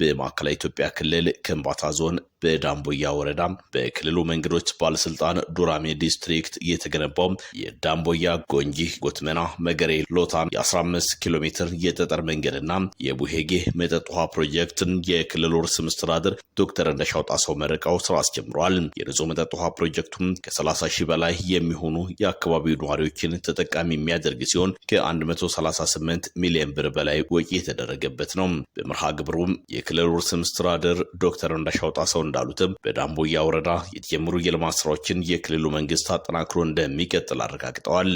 በማዕከላዊ ኢትዮጵያ ክልል ከምባታ ዞን በዳምቦያ ወረዳ በክልሉ መንገዶች ባለስልጣን ዱራሜ ዲስትሪክት የተገነባው የዳምቦያ ጎንጂ ጎትመና መገሬ ሎታ የ15 ኪሎ ሜትር የጠጠር መንገድና የቡሄጌ መጠጥ ውሃ ፕሮጀክትን የክልሉ ርዕሰ መስተዳድር ዶክተር እንደሻው ጣሰው መርቀው ስራ አስጀምረዋል። የንጹህ መጠጥ ውሃ ፕሮጀክቱም ከ30 ሺህ በላይ የሚሆኑ የአካባቢው ነዋሪዎችን ተጠቃሚ የሚያደርግ ሲሆን ከ138 ሚሊዮን ብር በላይ ወጪ የተደረገበት ነው። በመርሃ ግብሩም የክልል ርዕሰ መስተዳድር ዶክተር እንዳሻው ጣሰው እንዳሉትም በዳምቦያ ወረዳ የተጀመሩ የልማት ስራዎችን የክልሉ መንግስት አጠናክሮ እንደሚቀጥል አረጋግጠዋል።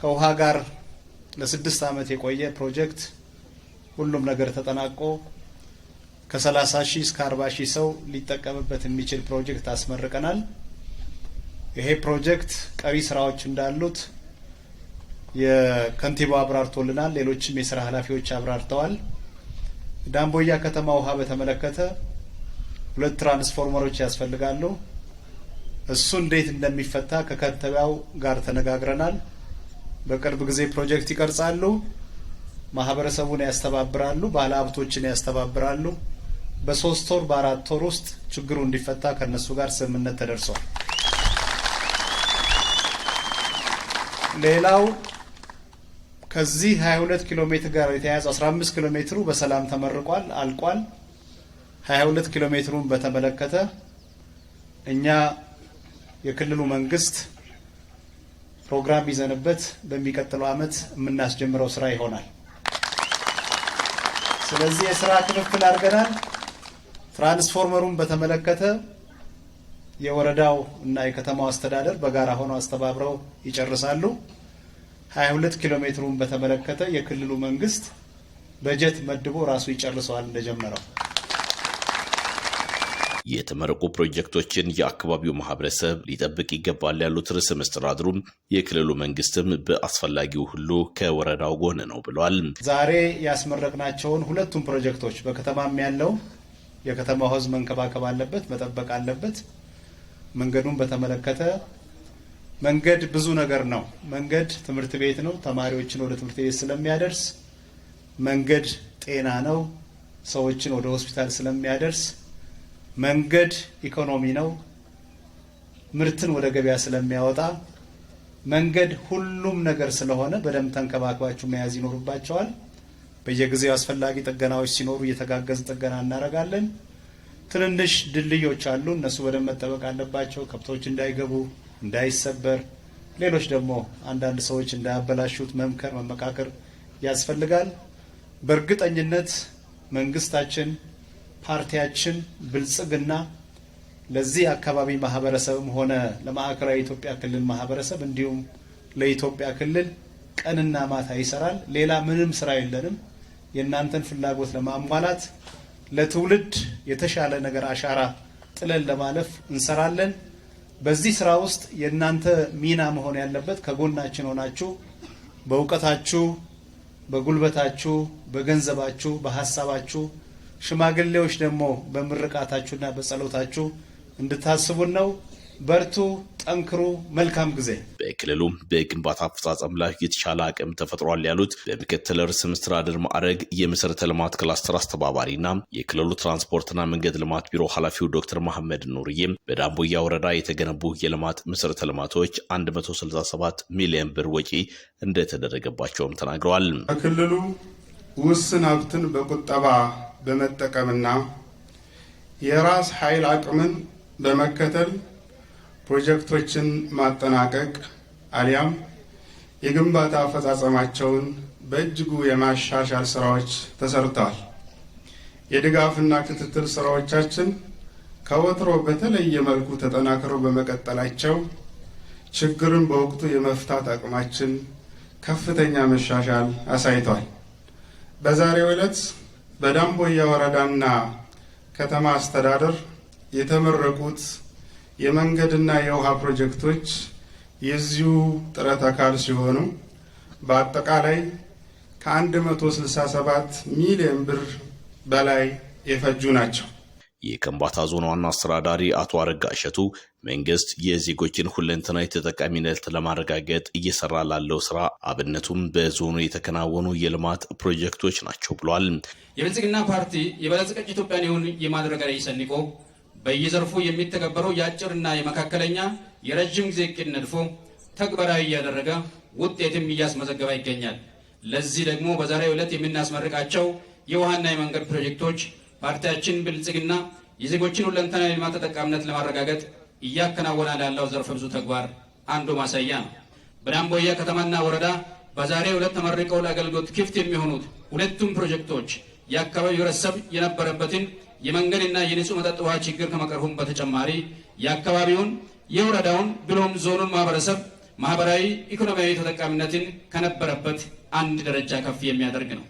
ከውሃ ጋር ለስድስት ዓመት የቆየ ፕሮጀክት ሁሉም ነገር ተጠናቆ ከ30 ሺህ እስከ 40 ሺህ ሰው ሊጠቀምበት የሚችል ፕሮጀክት አስመርቀናል። ይሄ ፕሮጀክት ቀሪ ስራዎች እንዳሉት የከንቲባ አብራርቶልናል። ሌሎችም የስራ ኃላፊዎች አብራርተዋል። ዳንቦያ ከተማ ውሃ በተመለከተ ሁለት ትራንስፎርመሮች ያስፈልጋሉ። እሱ እንዴት እንደሚፈታ ከከተማው ጋር ተነጋግረናል። በቅርብ ጊዜ ፕሮጀክት ይቀርጻሉ፣ ማህበረሰቡን ያስተባብራሉ፣ ባለሀብቶችን ያስተባብራሉ። በሶስት ወር በአራት ወር ውስጥ ችግሩ እንዲፈታ ከእነሱ ጋር ስምምነት ተደርሷል። ሌላው ከዚህ 22 ኪሎ ሜትር ጋር የተያያዘ 15 ኪሎ ሜትሩ በሰላም ተመርቋል፣ አልቋል። 22 ኪሎ ሜትሩን በተመለከተ እኛ የክልሉ መንግስት ፕሮግራም ይዘንበት በሚቀጥለው አመት የምናስጀምረው ስራ ይሆናል። ስለዚህ የስራ ክፍፍል አድርገናል። ትራንስፎርመሩን በተመለከተ የወረዳው እና የከተማው አስተዳደር በጋራ ሆነው አስተባብረው ይጨርሳሉ። 22 ኪሎ ሜትሩን በተመለከተ የክልሉ መንግስት በጀት መድቦ ራሱ ይጨርሰዋል እንደጀመረው። የተመረቁ ፕሮጀክቶችን የአካባቢው ማህበረሰብ ሊጠብቅ ይገባል ያሉት ርዕሰ መስተዳድሩም የክልሉ መንግስትም በአስፈላጊው ሁሉ ከወረዳው ጎን ነው ብሏል። ዛሬ ያስመረቅናቸውን ሁለቱም ፕሮጀክቶች በከተማም ያለው የከተማው ህዝብ መንከባከብ አለበት፣ መጠበቅ አለበት። መንገዱን በተመለከተ መንገድ ብዙ ነገር ነው። መንገድ ትምህርት ቤት ነው፣ ተማሪዎችን ወደ ትምህርት ቤት ስለሚያደርስ። መንገድ ጤና ነው፣ ሰዎችን ወደ ሆስፒታል ስለሚያደርስ። መንገድ ኢኮኖሚ ነው፣ ምርትን ወደ ገበያ ስለሚያወጣ። መንገድ ሁሉም ነገር ስለሆነ በደንብ ተንከባክባችሁ መያዝ ይኖርባቸዋል። በየጊዜው አስፈላጊ ጥገናዎች ሲኖሩ እየተጋገዝን ጥገና እናደርጋለን። ትንንሽ ድልድዮች አሉ። እነሱ በደንብ መጠበቅ አለባቸው፣ ከብቶች እንዳይገቡ እንዳይሰበር፣ ሌሎች ደግሞ አንዳንድ ሰዎች እንዳያበላሹት መምከር፣ መመካከር ያስፈልጋል። በእርግጠኝነት መንግስታችን፣ ፓርቲያችን ብልጽግና ለዚህ አካባቢ ማህበረሰብም ሆነ ለማዕከላዊ ኢትዮጵያ ክልል ማህበረሰብ እንዲሁም ለኢትዮጵያ ክልል ቀንና ማታ ይሰራል። ሌላ ምንም ስራ የለንም። የእናንተን ፍላጎት ለማሟላት ለትውልድ የተሻለ ነገር አሻራ ጥለን ለማለፍ እንሰራለን። በዚህ ስራ ውስጥ የእናንተ ሚና መሆን ያለበት ከጎናችን ሆናችሁ በእውቀታችሁ፣ በጉልበታችሁ፣ በገንዘባችሁ፣ በሀሳባችሁ ሽማግሌዎች ደግሞ በምርቃታችሁና በጸሎታችሁ እንድታስቡን ነው። በርቱ፣ ጠንክሩ፣ መልካም ጊዜ። በክልሉ በግንባታ አፈጻጸም ላይ የተሻለ አቅም ተፈጥሯል ያሉት በምክትል ርዕሰ መስተዳድር ማዕረግ የመሰረተ ልማት ክላስተር አስተባባሪና የክልሉ ትራንስፖርትና መንገድ ልማት ቢሮ ኃላፊው ዶክተር መሐመድ ኑርዬ በዳንቦያ ወረዳ የተገነቡ የልማት መሰረተ ልማቶች 167 ሚሊዮን ብር ወጪ እንደተደረገባቸውም ተናግረዋል። በክልሉ ውስን ሀብትን በቁጠባ በመጠቀምና የራስ ኃይል አቅምን በመከተል ፕሮጀክቶችን ማጠናቀቅ አሊያም የግንባታ አፈጻጸማቸውን በእጅጉ የማሻሻል ስራዎች ተሰርተዋል። የድጋፍና ክትትል ስራዎቻችን ከወትሮ በተለየ መልኩ ተጠናክረው በመቀጠላቸው ችግርን በወቅቱ የመፍታት አቅማችን ከፍተኛ መሻሻል አሳይቷል። በዛሬው ዕለት በዳምቦያ ወረዳና ከተማ አስተዳደር የተመረቁት የመንገድና የውሃ ፕሮጀክቶች የዚሁ ጥረት አካል ሲሆኑ በአጠቃላይ ከ167 ሚሊዮን ብር በላይ የፈጁ ናቸው። የከምባታ ዞን ዋና አስተዳዳሪ አቶ አረጋ እሸቱ መንግስት የዜጎችን ሁለንተናዊ ተጠቃሚነት ለማረጋገጥ እየሰራ ላለው ስራ አብነቱም በዞኑ የተከናወኑ የልማት ፕሮጀክቶች ናቸው ብሏል። የብልጽግና ፓርቲ የበለጸገች ኢትዮጵያን ይሁን የማድረግ ላይ ሰንቆ በየዘርፉ የሚተገበረው የአጭርና የመካከለኛ የረዥም ጊዜ እቅድ ነድፎ ተግባራዊ እያደረገ ውጤትም እያስመዘገበ ይገኛል። ለዚህ ደግሞ በዛሬው ዕለት የምናስመርቃቸው የውሃና የመንገድ ፕሮጀክቶች ፓርቲያችን ብልጽግና የዜጎችን ሁለንተና ልማት ተጠቃሚነት ለማረጋገጥ እያከናወና ላለው ዘርፈ ብዙ ተግባር አንዱ ማሳያ ነው። በዳምቦያ ከተማና ወረዳ በዛሬው ዕለት ተመርቀው ለአገልግሎት ክፍት የሚሆኑት ሁለቱም ፕሮጀክቶች የአካባቢው ህብረተሰብ የነበረበትን የመንገድና የንጹህ መጠጥ ውሃ ችግር ከመቅረፉም በተጨማሪ የአካባቢውን የወረዳውን ብሎም ዞኑን ማህበረሰብ ማህበራዊ ኢኮኖሚያዊ ተጠቃሚነትን ከነበረበት አንድ ደረጃ ከፍ የሚያደርግ ነው።